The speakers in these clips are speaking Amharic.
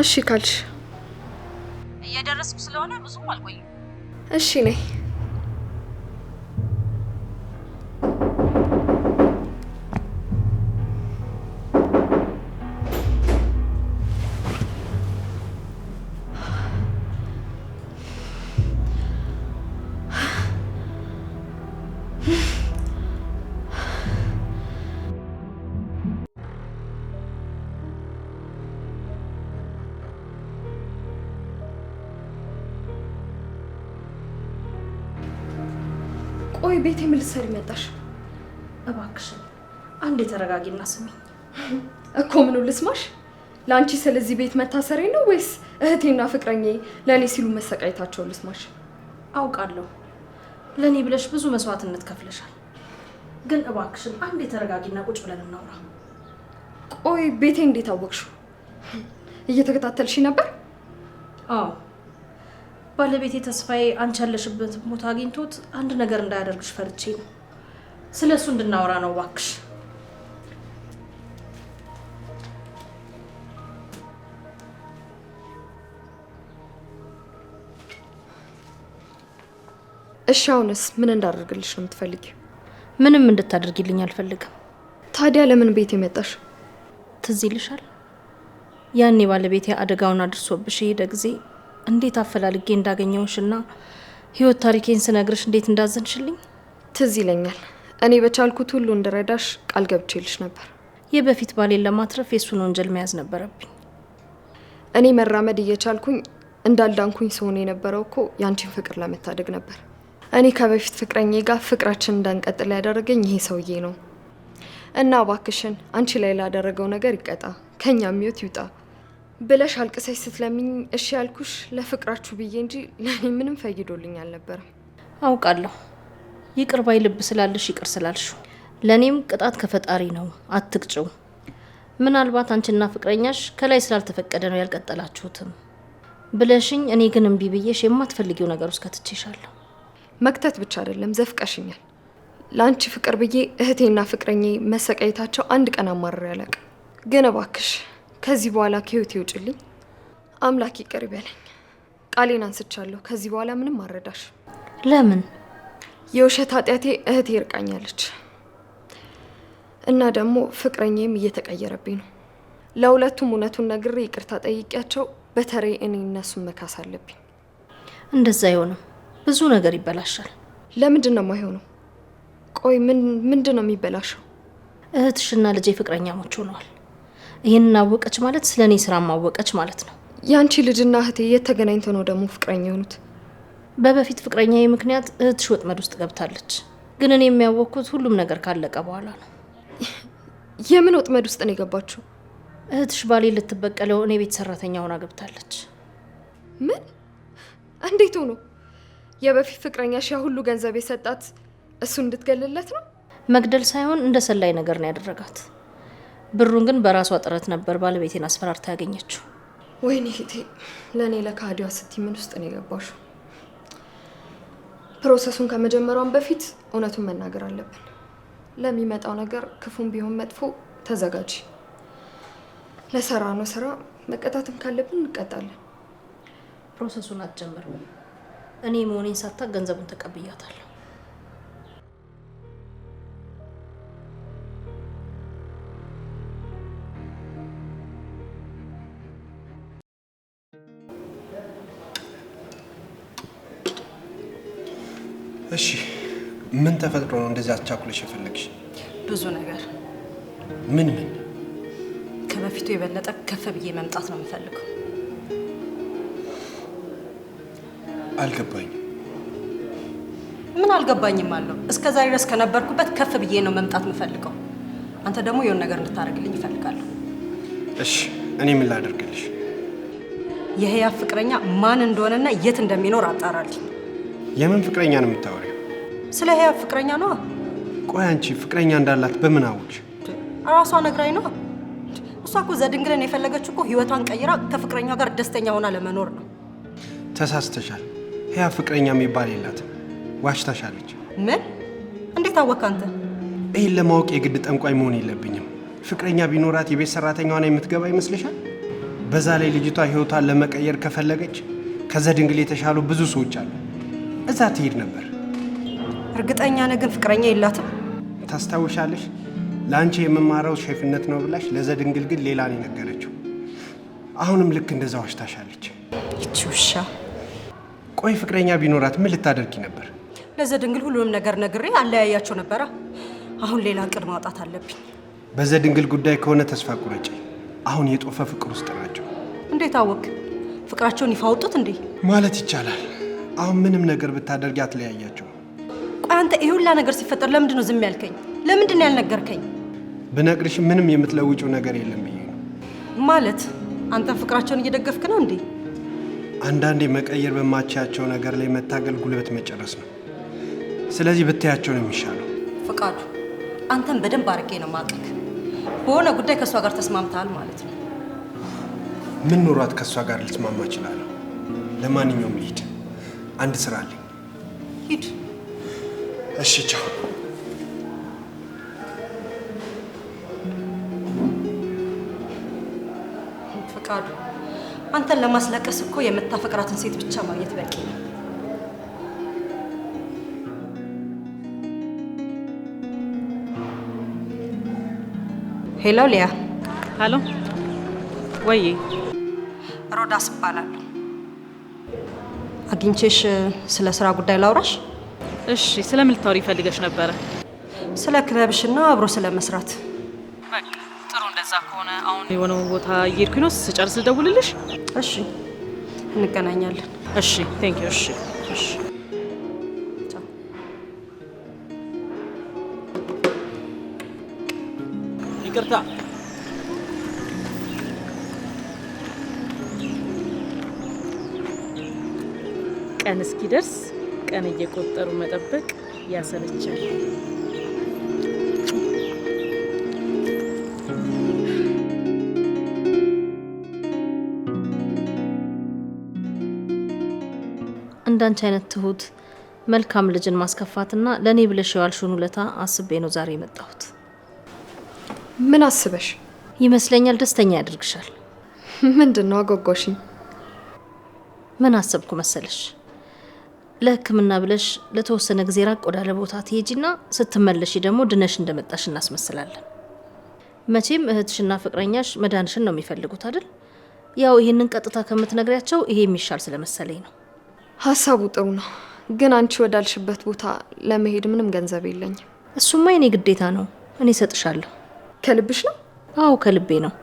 እሺ ካልሽ እየደረስኩ ስለሆነ ብዙም አልቆይም። እሺ ነይ ቤቴ ምን ልትሰሪ መጣሽ? እባክሽን አንዴ ተረጋጊና ስሚኝ። እኮ ምኑ ልስማሽ? ለአንቺ ስለዚህ ቤት መታሰሪ ነው ወይስ እህቴና ፍቅረኛዬ ለእኔ ሲሉ መሰቃየታቸው ልስማሽ? አውቃለሁ ለእኔ ብለሽ ብዙ መስዋዕትነት ከፍለሻል። ግን እባክሽን አንዴ ተረጋጊና ቁጭ ብለን እናውራ። ቆይ ቤቴ እንዴት አወቅሽው? እየተከታተልሽ ነበር? አዎ ባለቤቴ ተስፋዬ አንቺ ያለሽበት ቦታ አግኝቶት አንድ ነገር እንዳያደርግሽ ፈርቼ ነው። ስለ እሱ እንድናወራ ነው እባክሽ። እሺ አሁንስ ምን እንዳደርግልሽ ነው የምትፈልጊው? ምንም እንድታደርጊልኝ አልፈልግም። ታዲያ ለምን ቤት የመጣሽ? ትዝ ይልሻል ያኔ ባለቤቴ አደጋውን አድርሶብሽ የሄደ ጊዜ እንዴት አፈላልጌ እንዳገኘውሽና ህይወት ታሪኬን ስነግርሽ እንዴት እንዳዘንሽልኝ ትዝ ይለኛል። እኔ በቻልኩት ሁሉ እንድረዳሽ ቃል ገብቼልሽ ነበር። የበፊት ባሌን ለማትረፍ የእሱን ወንጀል መያዝ ነበረብኝ። እኔ መራመድ እየቻልኩኝ እንዳልዳንኩኝ ሰሆን የነበረው እኮ ያንቺን ፍቅር ለመታደግ ነበር። እኔ ከበፊት ፍቅረኛ ጋር ፍቅራችን እንዳንቀጥል ያደረገኝ ይሄ ሰውዬ ነው እና እባክሽን አንቺ ላይ ላደረገው ነገር ይቀጣ፣ ከእኛ ሚወት ይውጣ። ብለሽ አልቅሰሽ ስትለምኝ እሺ ያልኩሽ ለፍቅራችሁ ብዬ እንጂ ለእኔ ምንም ፈይዶልኝ አልነበረም። አውቃለሁ። ይቅር ባይ ልብ ስላለሽ ይቅር ስላልሽ ለእኔም ቅጣት ከፈጣሪ ነው። አትቅጭው። ምናልባት አንቺና ፍቅረኛሽ ከላይ ስላልተፈቀደ ነው ያልቀጠላችሁትም ብለሽኝ፣ እኔ ግን እምቢ ብዬሽ የማትፈልጊው ነገር ውስጥ ከትቼሻለሁ። መክተት ብቻ አይደለም ዘፍቀሽኛል። ለአንቺ ፍቅር ብዬ እህቴና ፍቅረኛ መሰቃየታቸው አንድ ቀን አማርሬ ያለቅ ግን እባክሽ ከዚህ በኋላ ከህይወት ውጭልኝ። አምላክ ይቅር ይበለኝ። ቃሌን አንስቻለሁ። ከዚህ በኋላ ምንም አረዳሽ። ለምን? የውሸት ኃጢአቴ እህቴ ይርቃኛለች እና ደግሞ ፍቅረኛዬም እየተቀየረብኝ ነው። ለሁለቱም እውነቱን ነግሬ ይቅርታ ጠይቂያቸው፣ በተረይ እኔ እነሱን መካስ አለብኝ። እንደዛ አይሆንም። ብዙ ነገር ይበላሻል። ለምንድን ነው የማይሆነው? ቆይ ምንድን ነው የሚበላሸው? እህትሽና ልጄ ፍቅረኛሞች ሆነዋል። ይህንን አወቀች ማለት ስለ እኔ ስራ ማወቀች ማለት ነው። ያንቺ ልጅና እህቴ የት ተገናኝተው ነው ደግሞ ፍቅረኛ የሆኑት? በበፊት ፍቅረኛ ምክንያት እህትሽ ወጥመድ ውስጥ ገብታለች። ግን እኔ የሚያወቅኩት ሁሉም ነገር ካለቀ በኋላ ነው። የምን ወጥመድ ውስጥ ነው የገባችው? እህትሽ ባሌ ልትበቀለው እኔ ቤት ሰራተኛ ሆና ገብታለች። ምን? እንዴት ሆኖ? የበፊት ፍቅረኛሽ ያ ሁሉ ገንዘብ የሰጣት እሱ እንድትገልለት ነው? መግደል ሳይሆን እንደ ሰላይ ነገር ነው ያደረጋት። ብሩን ግን በራሷ ጥረት ነበር ባለቤቴን አስፈራርታ ያገኘችው። ወይኔ እህቴ፣ ለእኔ ለካዲዋ ስቲ ምን ውስጥ ነው የገባሹ? ፕሮሰሱን ከመጀመሯን በፊት እውነቱን መናገር አለብን። ለሚመጣው ነገር ክፉም ቢሆን መጥፎ ተዘጋጂ። ለሰራ ነው ስራ፣ መቀጣትም ካለብን እንቀጣለን። ፕሮሰሱን አትጀምርም። እኔ መሆኔን ሳታ ገንዘቡን ተቀብያታለሁ። ተፈጥሮ ነው እንደዚህ አስቻኩለሽ የፈለግሽ? ብዙ ነገር። ምን ምን? ከበፊቱ የበለጠ ከፍ ብዬ መምጣት ነው የምፈልገው። አልገባኝም። ምን አልገባኝም አለው? እስከ ዛሬ ድረስ ከነበርኩበት ከፍ ብዬ ነው መምጣት የምፈልገው። አንተ ደግሞ የሆነ ነገር እንድታደርግልኝ ይፈልጋለሁ። እሺ፣ እኔ ምን ላደርግልሽ? የህያብ ፍቅረኛ ማን እንደሆነና የት እንደሚኖር አጣራልኝ። የምን ፍቅረኛ ነው የምታወሪው? ስለ ህያብ ፍቅረኛ ነዋ። ቆይ አንቺ ፍቅረኛ እንዳላት በምን አወቅሽ? እራሷ ነግራኝ ነዋ። እሷ እኮ ዘድንግልን የፈለገችው እኮ ህይወቷን ቀይራ ከፍቅረኛ ጋር ደስተኛ ሆና ለመኖር ነው። ተሳስተሻል። ህያብ ፍቅረኛ የሚባል የላትም። ዋሽታሻለች። ምን? እንዴት አወቅ አንተ? ይህን ለማወቅ የግድ ጠንቋይ መሆን የለብኝም። ፍቅረኛ ቢኖራት የቤት ሰራተኛዋን የምትገባ ይመስልሻል? በዛ ላይ ልጅቷ ህይወቷን ለመቀየር ከፈለገች ከዘድንግል የተሻሉ ብዙ ሰዎች አሉ። እዛ ትሄድ ነበር። እርግጠኛ ነህ ግን ፍቅረኛ የላትም? ታስታውሻለሽ? ለአንቺ የምማረው ሼፍነት ነው ብላሽ ለዘድንግል ግን ሌላ ነው የነገረችው። አሁንም ልክ እንደዛ ዋሽታሻለች። ይቺ ውሻ። ቆይ ፍቅረኛ ቢኖራት ምን ልታደርጊ ነበር? ለዘድንግል ሁሉንም ነገር ነግሬ አለያያቸው ነበረ። አሁን ሌላ እቅድ ማውጣት አለብኝ። በዘድንግል ጉዳይ ከሆነ ተስፋ ቁረጪ። አሁን የጦፈ ፍቅር ውስጥ ናቸው። እንዴት አወቅ? ፍቅራቸውን ይፋ እንዴ ማለት ይቻላል። አሁን ምንም ነገር ብታደርጊ አትለያያቸው አንተ ይሄ ሁላ ነገር ሲፈጠር ለምንድን ነው ዝም ያልከኝ? ለምንድን ነው ያልነገርከኝ? ብነግርሽ ምንም የምትለውጪው ነገር የለም ብዬ ነው። ማለት አንተን ፍቅራቸውን እየደገፍክ ነው እንዴ? አንዳንዴ መቀየር በማቻቸው ነገር ላይ መታገል ጉልበት መጨረስ ነው። ስለዚህ ብታያቸው ነው የሚሻለው። ፍቃዱ፣ አንተን በደንብ አድርጌ ነው ማቀቅ። በሆነ ጉዳይ ከእሷ ጋር ተስማምተሃል ማለት ነው። ምን ኖሯት ከእሷ ጋር ልትስማማ እችላለሁ? ለማንኛውም ልሂድ፣ አንድ ስራ አለኝ። ሂድ። እሺ ቻው። ፈቃዱ፣ አንተን ለማስለቀስ እኮ የምታፈቅራትን ሴት ብቻ ማግኘት በቂ ነው። ሄሎ ሊያ። ሄሎ ወይ ሮዳስ እባላለሁ። አግኝቼሽ ስለ ስራ ጉዳይ ላውራሽ እሺ፣ ስለምን ልታወሪ ይፈልገች ነበረ? ስለ ክለብሽና አብሮ ስለመስራት ጥሩ፣ እንደዛ ከሆነ አሁን የሆነው ቦታ እየሄድኩኝ ነው። ስጨርስ ልደውልልሽ። እሺ፣ እንገናኛለን። እሺ፣ ቴንኪው። እሺ፣ እሺ። ይቅርታ ቀን እስኪደርስ ቀን እየቆጠሩ መጠበቅ ያሰለቻል። እንዳንቺ አይነት ትሁት መልካም ልጅን ማስከፋትና ለእኔ ብለሽ የዋልሽውን ውለታ አስቤ ነው ዛሬ የመጣሁት። ምን አስበሽ ይመስለኛል? ደስተኛ ያደርግሻል። ምንድን ነው አጓጓሽኝ? ምን አሰብኩ መሰለሽ ለሕክምና ብለሽ ለተወሰነ ጊዜ ራቅ ወዳለ ቦታ ትሄጂና ስትመለሺ ደግሞ ድነሽ እንደመጣሽ እናስመስላለን። መቼም እህትሽና ፍቅረኛሽ መዳንሽን ነው የሚፈልጉት አይደል? ያው ይህንን ቀጥታ ከምትነግሪያቸው ይሄ የሚሻል ስለመሰለኝ ነው። ሀሳቡ ጥሩ ነው፣ ግን አንቺ ወዳልሽበት ቦታ ለመሄድ ምንም ገንዘብ የለኝም። እሱማ የኔ ግዴታ ነው፣ እኔ እሰጥሻለሁ። ከልብሽ ነው? አዎ ከልቤ ነው።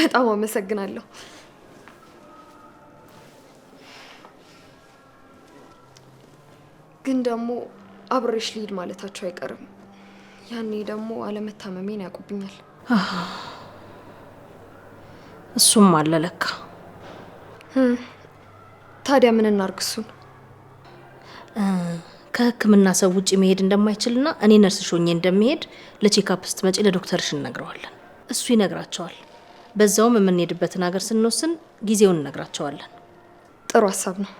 በጣም አመሰግናለሁ። ግን ደግሞ አብሬሽ ልሂድ ማለታቸው አይቀርም። ያኔ ደግሞ አለመታመሜን ያውቁብኛል። እሱም አለ ለካ። ታዲያ ምን እናርግ? እሱን ሰው ውጭ መሄድ እንደማይችልና እኔ ነርስሽ ሆኜ እንደሚሄድ ለቼካፕ ስትመጪ ለዶክተርሽ እነግረዋለን። እሱ ይነግራቸዋል። በዛውም የምንሄድበትን ሀገር ስንወስን ጊዜውን እነግራቸዋለን። ጥሩ ሀሳብ ነው።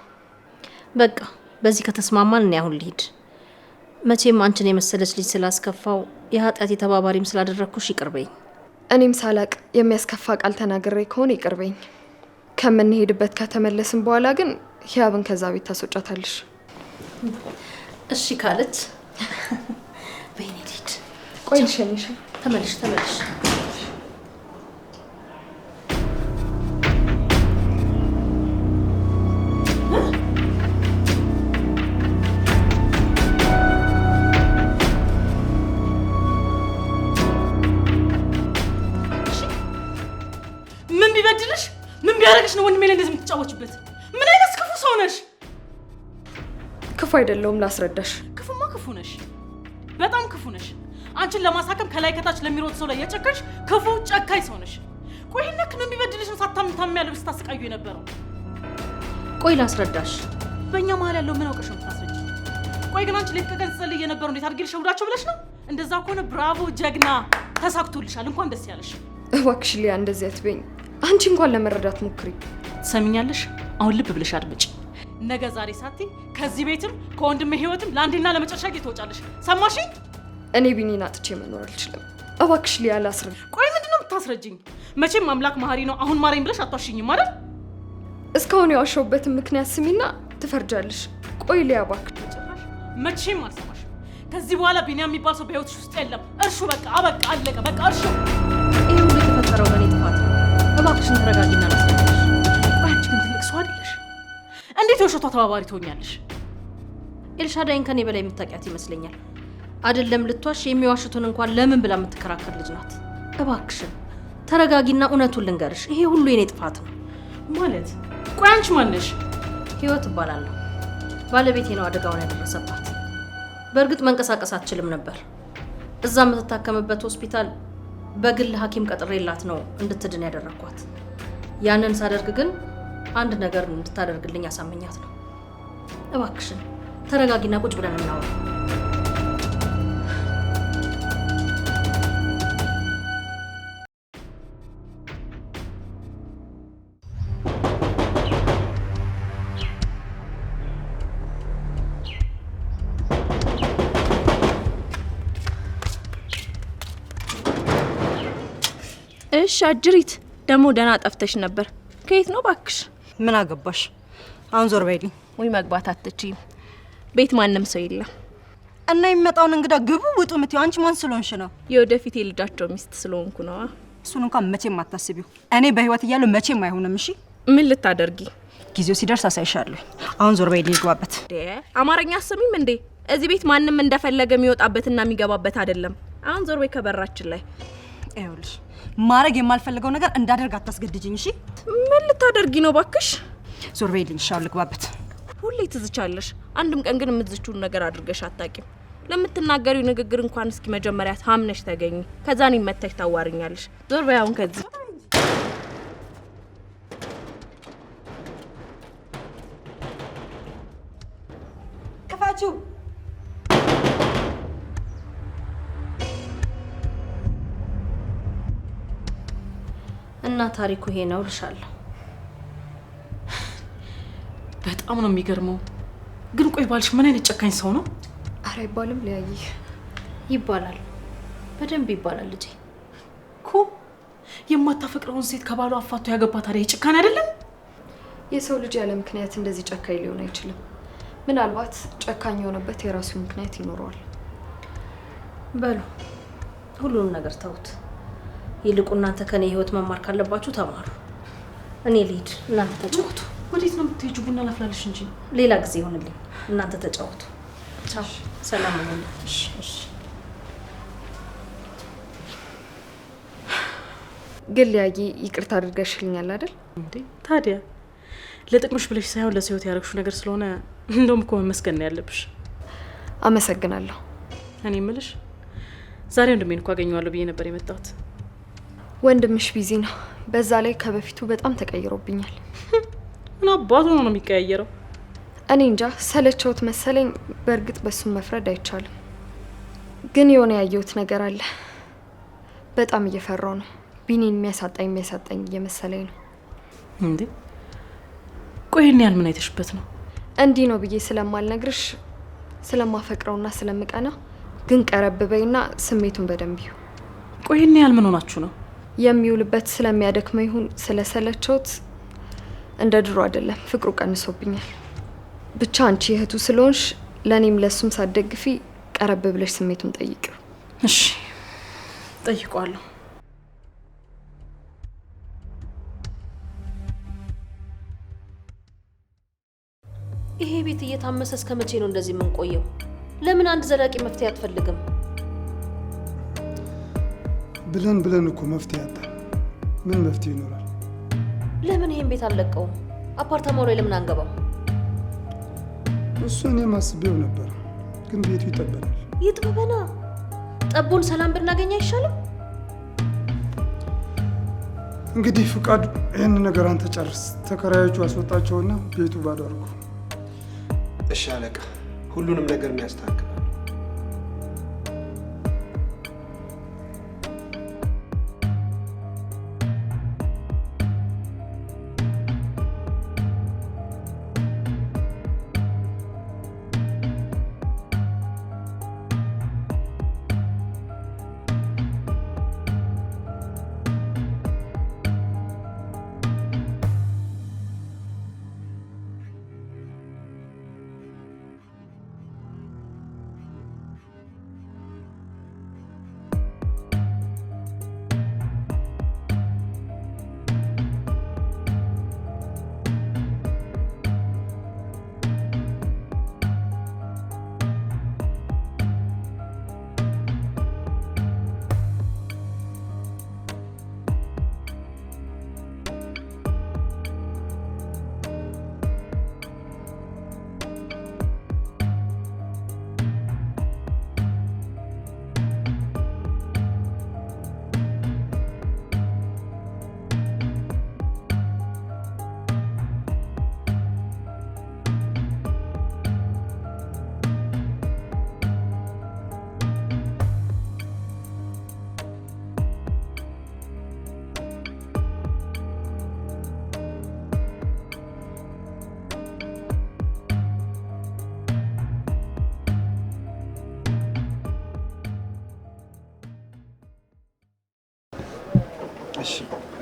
በቃ በዚህ ከተስማማን እኔ አሁን ልሂድ። መቼም አንችን የመሰለች ልጅ ስላስከፋው የኃጢአት የተባባሪም ስላደረግኩሽ ይቅርበኝ። እኔም ሳላቅ የሚያስከፋ ቃል ተናግሬ ከሆነ ይቅርበኝ። ከምንሄድበት ከተመለስን በኋላ ግን ህያብን ከዛ ቤት ታስወጫታለሽ። እሺ ካለች በይኔ ልሂድ። ቆይ ልሸኝሽ። ተመልሽ ተመልሽ ወንድሜ ላይ እንደዚህ የምትጫወችበት? ምን አይነት ክፉ ሰው ነሽ? ክፉ አይደለሁም ላስረዳሽ። ክፉማ ክፉ ነሽ፣ በጣም ክፉ ነሽ። አንቺን ለማሳከም ከላይ ከታች ለሚሮጥ ሰው ላይ የጨከሽ ክፉ ጨካኝ ሰው ነሽ። ቆይ ነክ ነው የሚበድልሽን ሳታምን ታም ያለብሽ ስታስቃዩ የነበረው። ቆይ ላስረዳሽ። በእኛ መሀል ያለው ምን አውቀሽ ነው የምታስረጂ? ቆይ ግን አንቺ ሌት ከቀን ስትጸልይ የነበረው እንዴት አድርጌ ልሸውዳቸው ብለሽ ነው? እንደዛ ከሆነ ብራቮ ጀግና፣ ተሳክቶልሻል። እንኳን ደስ ያለሽ። እባክሽ ሊያ እንደዚህ አትበይኝ። አንቺ እንኳን ለመረዳት ሞክሪ። ሰሚኛለሽ? አሁን ልብ ብለሽ አድምጪ። ነገ ዛሬ ሳቲ ከዚህ ቤትም ከወንድሜ ህይወትም ለአንዴና ለመጨረሻ ጊዜ ትወጫለሽ። ሰማሽ? እኔ ቢኒን አጥቼ መኖር አልችልም። እባክሽ ሊያ ላስረዳ። ቆይ ምንድን ነው የምታስረጅኝ? መቼም አምላክ መሀሪ ነው። አሁን ማረኝ ብለሽ አታሽኝም አይደል? እስካሁን ያዋሸሁበትን ምክንያት ስሚና ትፈርጃለሽ። ቆይ ሊያ እባክሽ። መቼም አልሰማሽ። ከዚህ በኋላ ቢኒያ የሚባል ሰው በህይወትሽ ውስጥ የለም። እርሹ በቃ አበቃ፣ አለቀ። በቃ እርሹ። ይህ ሁሉ የተፈጠረው በኔ እባክሽን ተረጋጊና መስለሽ። አንቺ ግን ትልቅ ሰው አይደለሽ። እንዴት የውሸቷ ተባባሪ ትሆኛለሽ? ኤልሻዳይን ከኔ በላይ የምታውቂያት ይመስለኛል። አይደለም ልትዋሽ የሚዋሽቱን እንኳን ለምን ብላ የምትከራከር ልጅ ናት። እባክሽን ተረጋጊና እውነቱን ልንገርሽ፣ ይሄ ሁሉ የኔ ጥፋት ነው። ማለት ቆይ አንቺ ማነሽ? ህይወት እባላለሁ። ባለቤቴ ነው አደጋውን ያደረሰባት። በእርግጥ መንቀሳቀስ አትችልም ነበር። እዛ የምትታከምበት ሆስፒታል በግል ሐኪም ቀጥሬላት ነው እንድትድን ያደረግኳት። ያንን ሳደርግ ግን አንድ ነገር እንድታደርግልኝ አሳመኛት ነው። እባክሽን ተረጋጊና ቁጭ ብለን እናወራ። እሺ አጅሪት፣ ደግሞ ደህና ጠፍተሽ ነበር። ከየት ነው ባክሽ? ምን አገባሽ? አሁን ዞር በይልኝ። ወይ መግባት አትችይም። ቤት ማንም ሰው የለም እና የሚመጣውን እንግዳ ግቡ ውጡ ምትይው አንቺ ማን ስለሆንሽ ነው? የወደፊት የልጃቸው ሚስት ስለሆንኩ ነዋ። እሱን እንኳን መቼም አታስቢው። እኔ በህይወት እያለሁ መቼም አይሆንም። እሺ ምን ልታደርጊ? ጊዜው ሲደርስ አሳይሻለሁ። አሁን ዞር በይልኝ፣ ግባበት። አማርኛ አሰሚም እንዴ? እዚህ ቤት ማንም እንደፈለገ የሚወጣበትና የሚገባበት አይደለም። አሁን ዞር በይ ከበራችን ላይ ይኸውልሽ ማድረግ የማልፈልገው ነገር እንዳደርግ አታስገድጅኝ። እሺ ምን ልታደርጊ ነው? ባክሽ ዞር በይልኝ። እሺ ልግባበት። ሁሌ ትዝቻለሽ፣ አንድም ቀን ግን የምትዝችውን ነገር አድርገሽ አታቂም። ለምትናገሪው ንግግር እንኳን እስኪ መጀመሪያ ታምነሽ ተገኝ፣ ከዛ እኔን መተሽ ታዋርኛለሽ። ዞር በይ አሁን ከዚህ ክፋችሁ እና ታሪኩ ይሄ ነው ልሻለሁ። በጣም ነው የሚገርመው። ግን ቆይ ባልሽ ምን አይነት ጨካኝ ሰው ነው? አረ አይባልም ሊያይ ይባላል፣ በደንብ ይባላል። ልጄ እኮ የማታፈቅረውን ሴት ከባሉ አፋቶ ያገባ ታዲያ ጭካኔ አይደለም? የሰው ልጅ ያለ ምክንያት እንደዚህ ጨካኝ ሊሆን አይችልም። ምናልባት ጨካኝ የሆነበት የራሱ ምክንያት ይኖረዋል። በሉ ሁሉንም ነገር ተውት። ይልቁ እናንተ ከኔ ህይወት መማር ካለባችሁ ተማሩ። እኔ ልሂድ፣ እናንተ ተጫወቱ። ወዴት ነው የምትሄጂው? ቡና ላፍላለሽ እንጂ ሌላ ጊዜ ይሆንልኝ። እናንተ ተጫወቱ። ቻው፣ ሰላም ሆነ። ግን ሊያጊ ይቅርታ አድርገሽልኛል አይደል? እንዴ ታዲያ ለጥቅምሽ ብለሽ ሳይሆን ለሰይወት ያደረግሽው ነገር ስለሆነ እንደውም እኮ መመስገን ነው ያለብሽ። አመሰግናለሁ። እኔ ምልሽ ዛሬ ወንድሜን እኮ አገኘዋለሁ ብዬ ነበር የመጣሁት ወንድምሽ ቢዚ ነው። በዛ ላይ ከበፊቱ በጣም ተቀይሮብኛል። ምን አባቱ ነው የሚቀያየረው? እኔ እንጃ ሰለቸውት መሰለኝ። በእርግጥ በሱም መፍረድ አይቻልም። ግን የሆነ ያየሁት ነገር አለ። በጣም እየፈራው ነው። ቢኒን የሚያሳጣኝ የሚያሳጣኝ እየመሰለኝ ነው። እንዴ ቆይን ያል ምን አይተሽበት ነው? እንዲህ ነው ብዬ ስለማልነግርሽ ስለማፈቅረውና ስለምቀና ግን ቀረብበይና ስሜቱን በደንብ ይሁ። ቆይን ያል ምን ሆናችሁ ነው? የሚውልበት ስለሚያደክመ ይሁን ስለሰለቸውት እንደ ድሮ አይደለም፣ ፍቅሩ ቀንሶብኛል። ብቻ አንቺ እህቱ ስለሆንሽ ለእኔም ለሱም ሳደግፊ ቀረብ ብለሽ ስሜቱን ጠይቂው። እሺ ጠይቋለሁ። ይሄ ቤት እየታመሰ እስከ መቼ ነው እንደዚህ የምንቆየው? ለምን አንድ ዘላቂ መፍትሄ አትፈልግም? ብለን ብለን እኮ መፍትሄ ያጣ። ምን መፍትሄ ይኖራል? ለምን ይሄን ቤት አልለቀውም? አፓርታማው ላይ ለምን አንገባው? እሱ እኔም አስቤው ነበር፣ ግን ቤቱ ይጠበናል። ይጥበበና ጠቦን ሰላም ብናገኝ አይሻልም? እንግዲህ ፍቃዱ፣ ይህን ነገር አንተ ጨርስ። ተከራዮቹ አስወጣቸውና ቤቱ ባዶ አድርጎ። እሺ አለቃ፣ ሁሉንም ነገር የሚያስታ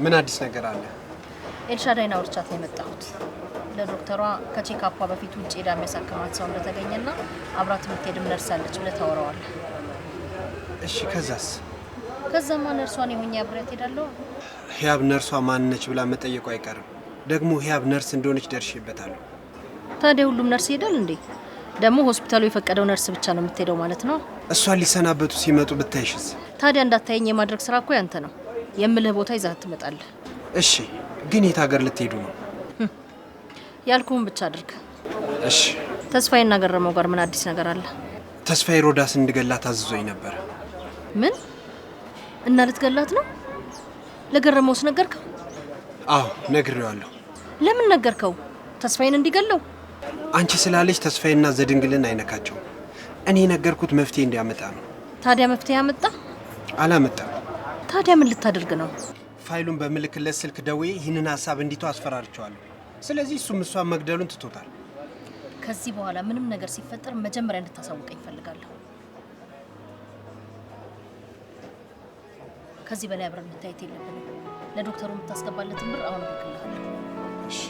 ምን አዲስ ነገር አለ? ኤልሻዳይን አውርቻት ነው የመጣሁት። ለዶክተሯ ከቼካፓ በፊት ውጭ ሄዳ የሚያሳክማት ሰው እንደተገኘና አብራት የምትሄድም ነርሳለች ብለህ ታወራዋለህ። እሺ፣ ከዛስ? ከዛማ ነርሷን የሆኜ አብሬያት ሄዳለሁ። ህያብ ነርሷ ማንነች ብላ መጠየቁ አይቀርም። ደግሞ ህያብ ነርስ እንደሆነች ደርሼበታለሁ። ታዲያ ሁሉም ነርስ ይሄዳል እንዴ? ደግሞ ሆስፒታሉ የፈቀደው ነርስ ብቻ ነው የምትሄደው ማለት ነው። እሷን ሊሰናበቱ ሲመጡ ብታይሽስ? ታዲያ እንዳታየኝ የማድረግ ስራ እኮ ያንተ ነው። የምልህ ቦታ ይዛ ትመጣለህ። እሺ፣ ግን የት ሀገር ልትሄዱ ነው? ያልኩህን ብቻ አድርግ። እሺ። ተስፋዬና ገረመው ጋር ምን አዲስ ነገር አለ? ተስፋዬ ሮዳስ እንድገላት አዝዞኝ ነበር። ምን? እና ልትገላት ነው? ለገረመውስ ነገርከው? አዎ ነግሬዋለሁ። ለምን ነገርከው? ተስፋዬን እንዲገለው አንቺ ስላለች ተስፋዬና ዘድንግልን አይነካቸውም። እኔ የነገርኩት መፍትሄ እንዲያመጣ ነው። ታዲያ መፍትሄ አመጣ? አላመጣም። ታዲያ ምን ልታደርግ ነው? ፋይሉን በምልክለት ስልክ ደውዬ ይህንን ሀሳብ እንዲቶ አስፈራርቸዋለሁ። ስለዚህ እሱም እሷን መግደሉን ትቶታል። ከዚህ በኋላ ምንም ነገር ሲፈጠር መጀመሪያ እንድታሳውቀኝ እፈልጋለሁ። ከዚህ በላይ አብረን መታየት የለብንም። ለዶክተሩ የምታስገባለትን ብር አሁን እልክልሃለሁ። እሺ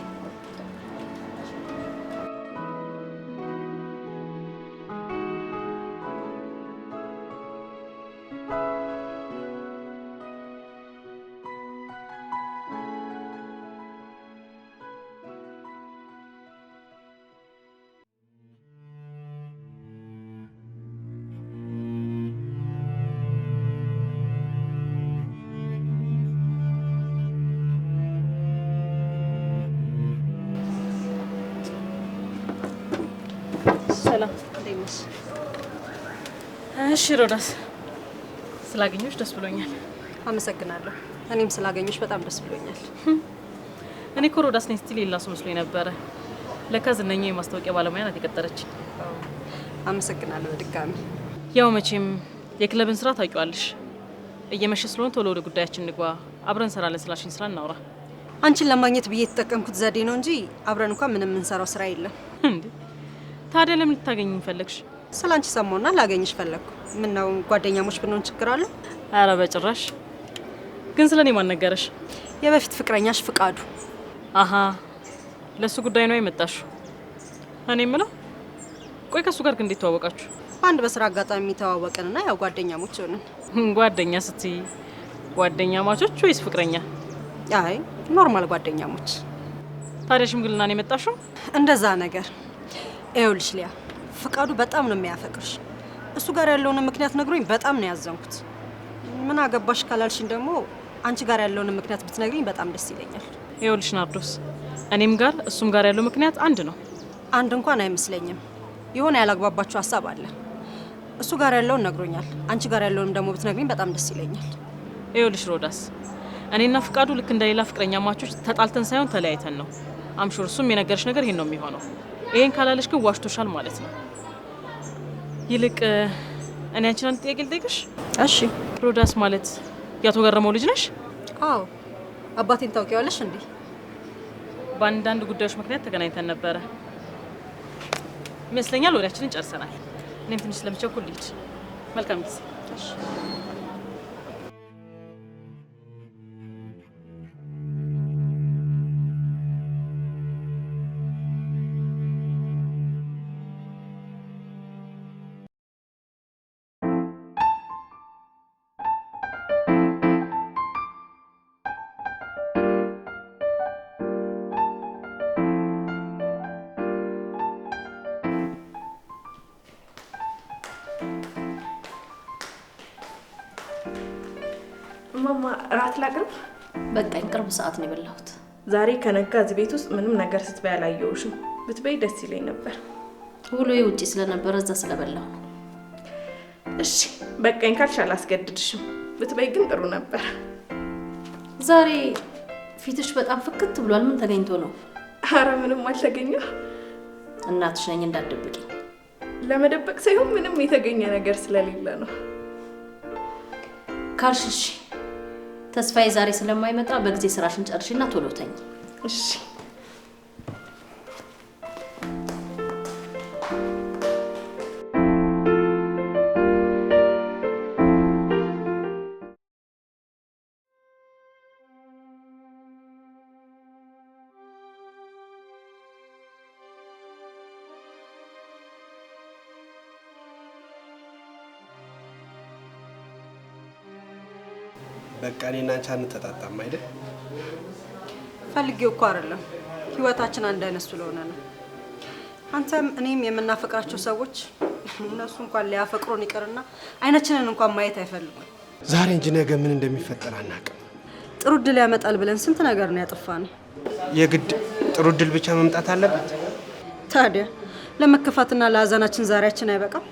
ነሽ። እሺ ሮዳስ፣ ስላገኘሽ ደስ ብሎኛል። አመሰግናለሁ። እኔም ስላገኘሽ በጣም ደስ ብሎኛል። እኔ እኮ ሮዳስ ነኝ ስትል ሌላ መስሎኝ ነበረ። ለካ ዝነኛው የማስታወቂያ ባለሙያ ናት የቀጠረችኝ። አመሰግናለሁ በድጋሚ። ያው መቼም የክለብን ስራ ታውቂዋለሽ። እየመሸ ስለሆነ ቶሎ ወደ ጉዳያችን እንግባ፣ አብረን እንሰራለን ስላሽኝ ስራ እናውራ። አንቺን ለማግኘት ብዬ የተጠቀምኩት ዘዴ ነው እንጂ አብረን እንኳን ምንም የምንሰራው ስራ የለም። ታዲያ ለምን ልታገኝ ፈለግሽ? ስላንቺ ሰማውና ላገኝሽ ፈለግኩ። ነው ጓደኛሞች ብንሆን ችግር አለ። አረ በጭራሽ። ግን ስለኔ ማን ነገረሽ? የበፊት ፍቅረኛሽ ፍቃዱ። አሀ ለሱ ጉዳይ ነው የመጣሹ? እኔ ምለው ቆይ ከሱ ጋር ግን እንዴት ተዋወቃችሁ? አንድ በስራ አጋጣሚ ተዋወቅንና ያው ጓደኛሞች ሆንን። ጓደኛ ስትይ ጓደኛ ማቾች ወይስ ፍቅረኛ? አይ ኖርማል ጓደኛሞች። ታዲያ ሽምግልና ነው የመጣሹ? እንደዛ ነገር ይኸውልሽ ሊያ፣ ፍቃዱ በጣም ነው የሚያፈቅርሽ። እሱ ጋር ያለውን ምክንያት ነግሮኝ በጣም ነው ያዘንኩት። ምን አገባሽ ካላልሽኝ ደግሞ አንቺ ጋር ያለውን ምክንያት ብትነግሪኝ በጣም ደስ ይለኛል። ይኸውልሽ ናርዶስ፣ እኔም ጋር እሱም ጋር ያለው ምክንያት አንድ ነው። አንድ እንኳን አይመስለኝም። የሆነ ያላግባባችሁ ሀሳብ አለ። እሱ ጋር ያለውን ነግሮኛል። አንቺ ጋር ያለውንም ደግሞ ብትነግሪኝ በጣም ደስ ይለኛል። ይኸውልሽ ሮዳስ፣ እኔና ፍቃዱ ልክ እንደሌላ ፍቅረኛ ማቾች ተጣልተን ሳይሆን ተለያይተን ነው። አምሹር እሱም የነገረሽ ነገር ይሄን ነው የሚሆነው ይሄን ካላለሽ ግን ዋሽቶሻል ማለት ነው። ይልቅ እኔ አንቺን አንድ ጥያቄ ልጠይቅሽ። እሺ። ሮዳስ ማለት ያቶ ገረመው ልጅ ነሽ? አዎ። አባቴን ታውቂዋለሽ እንዴ? በአንዳንድ ጉዳዮች ምክንያት ተገናኝተን ነበረ ይመስለኛል። ወዳችንን ጨርሰናል። እኔም ትንሽ ስለምቸኩል ልሂድ። መልካም ጊዜ። እማማ እራት ላቅርብ? በቃኝ፣ ቅርብ ሰዓት ነው የበላሁት። ዛሬ ከነጋ እዚህ ቤት ውስጥ ምንም ነገር ስትበይ አላየሁሽም። ብትበይ ደስ ይለኝ ነበር። ውሎዬ ውጪ ስለነበረ እዛ ስለበላሁ እሺ በቃኝ ካልሽ አላስገድድሽም። ብትበይ ግን ጥሩ ነበር። ዛሬ ፊትሽ በጣም ፍክት ብሏል። ምን ተገኝቶ ነው? አረ ምንም አልተገኘም። እናትሽ ነኝ እንዳትደብቂኝ። ለመደበቅ ሳይሆን ምንም የተገኘ ነገር ስለሌለ ነው ካልሽ እሺ ተስፋዬ ዛሬ ስለማይመጣ በጊዜ ስራሽን ጨርሽና ቶሎ ተኝ። እሺ በቃ እኔና አንቺ አንተጣጣም አይደል? ፈልጌው እኮ አይደለም፣ ህይወታችን አንድ አይነት ስለሆነ ነው። አንተም እኔም የምናፈቅራቸው ሰዎች እነሱ እንኳን ሊያፈቅሩን ይቅርና አይናችንን እንኳን ማየት አይፈልጉም። ዛሬ እንጂ ነገ ምን እንደሚፈጠር አናውቅም። ጥሩ እድል ያመጣል ብለን ስንት ነገር ነው ያጠፋነው። የግድ ጥሩ እድል ብቻ መምጣት አለበት? ታዲያ ለመከፋትና ለሀዘናችን ዛሬያችን አይበቃም?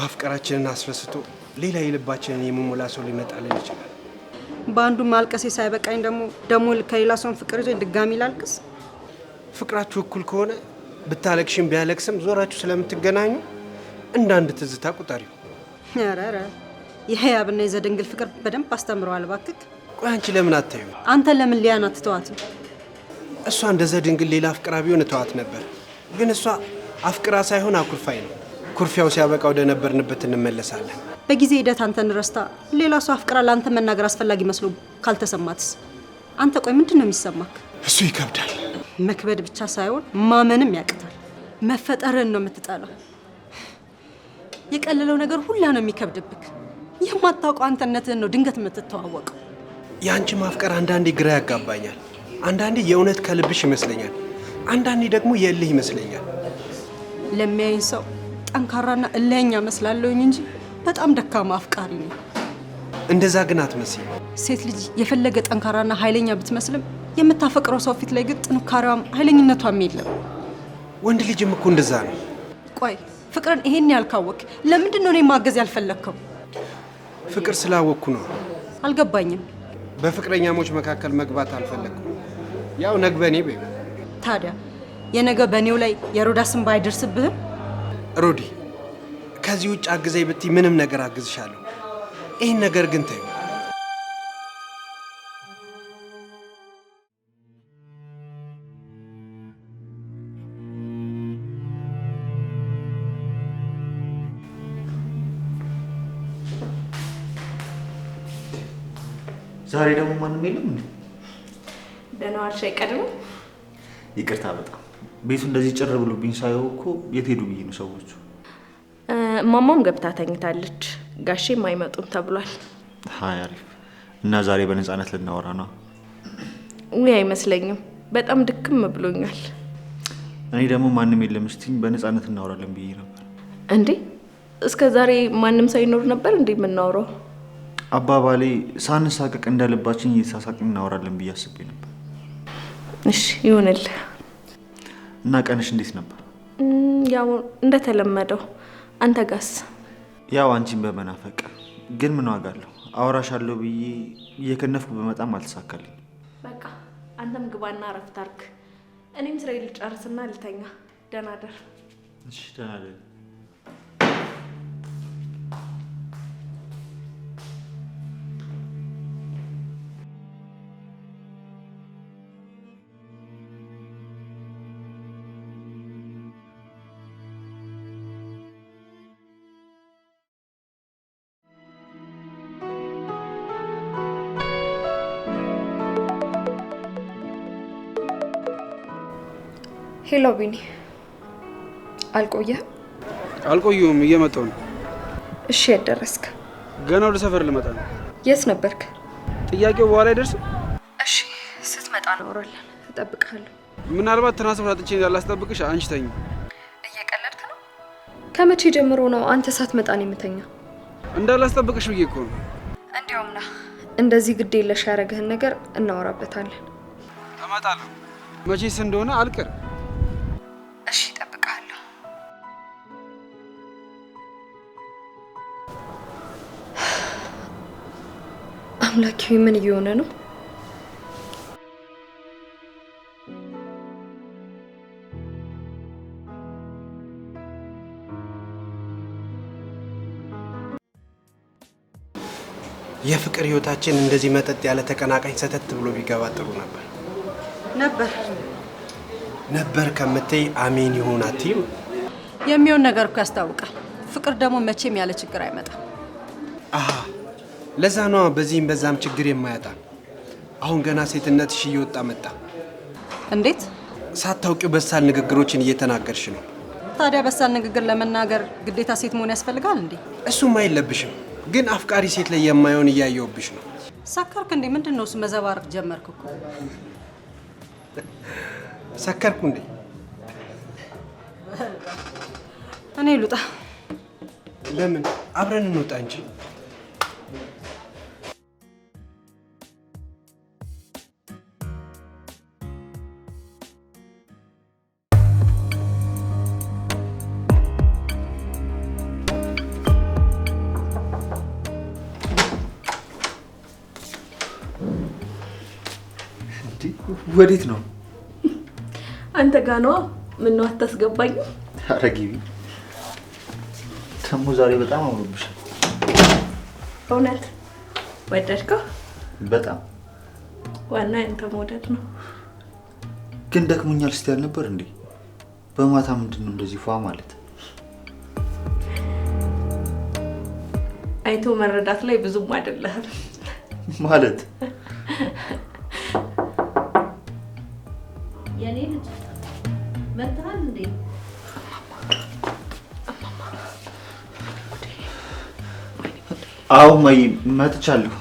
ማፍቀራችንን አስረስቶ ሌላ የልባችንን የመሞላ ሰው ሊመጣልን ይችላል። በአንዱ ማልቀሴ ሳይበቃኝ ደግሞ ደግሞ ከሌላ ሰውን ፍቅር ይዞ ድጋሚ ላልቅስ። ፍቅራችሁ እኩል ከሆነ ብታለቅሽም ቢያለቅስም ዞራችሁ ስለምትገናኙ እንደ አንድ ትዝታ ቁጠሪው። ኧረ የህያብና የዘደንግል ፍቅር በደንብ አስተምረዋል። እባክህ ቆይ አንቺ ለምን አታዩ? አንተ ለምን ሊያን አትተዋትም? እሷ እንደ ዘድንግል ሌላ አፍቅራ ቢሆን እተዋት ነበር፣ ግን እሷ አፍቅራ ሳይሆን አኩርፋይ ነው። ኩርፊያው ሲያበቃ ወደ ነበርንበት እንመለሳለን። በጊዜ ሂደት አንተን ረስታ ሌላ ሰው አፍቅራ ለአንተ መናገር አስፈላጊ መስሎ ካልተሰማትስ? አንተ ቆይ ምንድን ነው የሚሰማክ? እሱ ይከብዳል። መክበድ ብቻ ሳይሆን ማመንም ያቅታል። መፈጠርን ነው የምትጠላው። የቀለለው ነገር ሁላ ነው የሚከብድብክ። የማታውቀው አንተነትህን ነው ድንገት የምትተዋወቀው። የአንቺ ማፍቀር አንዳንዴ ግራ ያጋባኛል። አንዳንዴ የእውነት ከልብሽ ይመስለኛል፣ አንዳንዴ ደግሞ የእልህ ይመስለኛል። ለሚያይን ሰው ጠንካራና እልህኛ መስላለሁኝ እንጂ በጣም ደካማ አፍቃሪ ነው። እንደዛ ግን አትመስል። ሴት ልጅ የፈለገ ጠንካራና ኃይለኛ ብትመስልም የምታፈቅረው ሰው ፊት ላይ ግን ጥንካሬዋም ኃይለኝነቷም የለም። ወንድ ልጅም እኮ እንደዛ ነው። ቆይ ፍቅርን ይሄን ያልካወክ ለምንድን ነው እኔ ማገዝ ያልፈለግከው? ፍቅር ስላወቅኩ ነው። አልገባኝም። በፍቅረኛሞች መካከል መግባት አልፈለግኩም። ያው ነግ በኔ ታዲያ የነገ በእኔው ላይ የሮዳ ስም ባይደርስብህም ሮዲ ከዚህ ውጭ አግዘኝ ብትይ ምንም ነገር አግዝሻለሁ። ይህን ነገር ግን ተይው። ዛሬ ደግሞ ማንም የለም እንዴ? ደህና ዋልሽ። ይቅርታ በጣም ቤቱ እንደዚህ ጭር ብሎብኝ ሳየው እኮ የት ሄዱ ብዬ ነው ሰዎቹ ማማም ገብታ ተኝታለች። ጋሼም አይመጡም ተብሏል። ሀይ አሪፍ እና ዛሬ በነፃነት ልናወራ ነው። ውይ አይመስለኝም፣ በጣም ድክም ብሎኛል። እኔ ደግሞ ማንም የለም ስትይኝ በነፃነት እናወራለን ብዬ ነበር። እንዴ እስከ ዛሬ ማንም ሳይኖር ነበር እንዴ የምናወራው? አባባሌ ሳንሳቀቅ እንደ ልባችን እየተሳሳቅን እናወራለን ብዬ አስቤ ነበር። እሺ ይሁንልህ። እና ቀንሽ እንዴት ነበር? ያው እንደተለመደው አንተ ጋስ ያው አንቺን በመናፈቅ ግን ምን ዋጋ አለው? አወራሻለሁ ብዬ እየከነፍኩ በመጣም አልተሳካልኝ። በቃ አንተም ግባና እረፍት አድርግ። እኔም ስራዬ ልጨርስና ልተኛ። ደህና ደር። እሺ፣ ደህና ደር። ሄሎ ቢኒ፣ አልቆየህም? አልቆየሁም፣ እየመጣሁ ነው። እሺ፣ የት ደረስክ? ገና ወደ ሰፈር ልመጣ ነው። የት ነበርክ? ጥያቄው በኋላ አይደርስም? እሺ፣ ስትመጣ እናወራለን። እጠብቅሃለሁ። ምናልባት ትራንስፖርት አጥቼ እንዳላስጠብቅሽ አንቺ ተኝ። እየቀለድክ ነው? ከመቼ ጀምሮ ነው አንተ ሳትመጣ ነው የምተኛው? እንዳላስጠብቅሽ ብዬ እኮ ነው። እንዲያውም ና፣ እንደዚህ ግድ የለሽ ነገር እናወራበታለን። እመጣለሁ። መቼስ እንደሆነ አልቅር አምላኬ ምን እየሆነ ነው? የፍቅር ህይወታችን እንደዚህ መጠጥ ያለ ተቀናቃኝ ሰተት ብሎ ቢገባ ጥሩ ነበር ነበር ነበር ከምትይ አሜን ይሁን አትይም። የሚሆን ነገር እኮ ያስታውቃል። ፍቅር ደግሞ መቼም ያለ ችግር አይመጣም። ለዛ ነዋ በዚህም በዛም ችግር የማያጣ አሁን ገና ሴትነትሽ እየወጣ መጣ። እንዴት ሳታውቂው በሳል ንግግሮችን እየተናገርሽ ነው። ታዲያ በሳል ንግግር ለመናገር ግዴታ ሴት መሆን ያስፈልጋል እንዴ? እሱም አይለብሽም፣ ግን አፍቃሪ ሴት ላይ የማይሆን እያየውብሽ ነው። ሰከርክ እንዴ? ምንድን ነው እሱ? መዘባረቅ ጀመርክ እኮ። ሰከርኩ እንዴ? እኔ ልውጣ። ለምን? አብረን እንውጣ እንጂ ወዴት ነው? አንተ ጋ ነዋ። ምነው አታስገባኝ? ኧረ ግቢ። ዛሬ በጣም አምሮብሻል። እውነት ወደድከው? በጣም ዋና ያንተ መውደድ ነው። ግን ደክሞኛል ስትይ አልነበር እንዴ? በማታ ምንድን ነው እንደዚህ ፏ ማለት? አይቶ መረዳት ላይ ብዙም አይደለህም ማለት የኔ ልጅ መጥተሃል እንዴ? አዎ እማዬ መጥቻለሁ።